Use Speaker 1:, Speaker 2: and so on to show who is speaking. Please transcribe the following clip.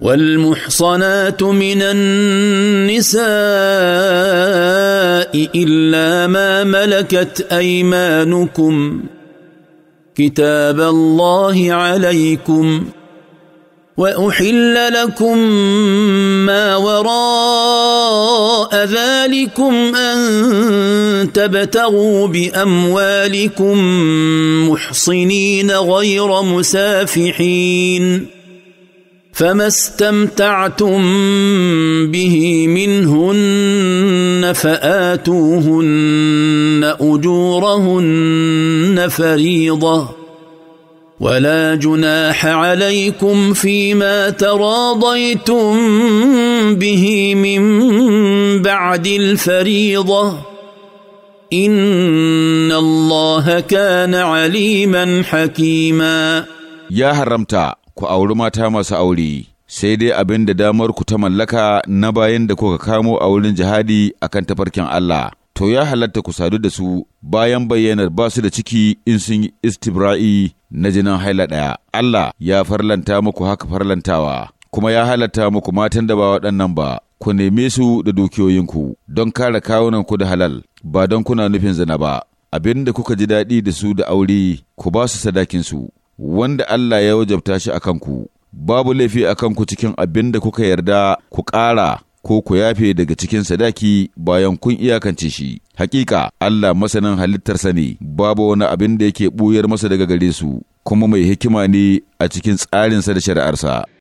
Speaker 1: والمحصنات من النساء الا ما ملكت ايمانكم كتاب الله عليكم واحل لكم ما وراء ذلكم ان تبتغوا باموالكم محصنين غير مسافحين فما استمتعتم به منهن فاتوهن اجورهن فريضه ولا جناح عليكم فيما تراضيتم به من بعد الفريضه ان الله كان عليما
Speaker 2: حكيما يا هرمتا ku auri mata masu aure, sai dai abin da damar ku ta mallaka na bayan da kuka kamo a wurin jihadi akan tafarkin Allah. To ya halatta ku sadu da su bayan bayyanar ba su da ciki in sun yi istibra'i na jinan haila ɗaya. Allah ya farlanta muku haka farlantawa, kuma ya halatta muku matan da ba waɗannan ba, ku neme su da dukiyoyinku don kare kawunanku da halal, ba don kuna nufin zina ba. Abin da kuka ji daɗi da su da aure, ku ba su sadakinsu. wanda Allah ya wajabta shi a kanku, babu laifi a kanku cikin abin da kuka yarda ku ƙara ko ku yafe daga cikin sadaki bayan kun iyakance shi. Hakika Allah masanin halittarsa ne, babu wani abin da yake ɓuyar masa daga gare su, kuma mai hikima ne a cikin tsarinsa da shari'arsa.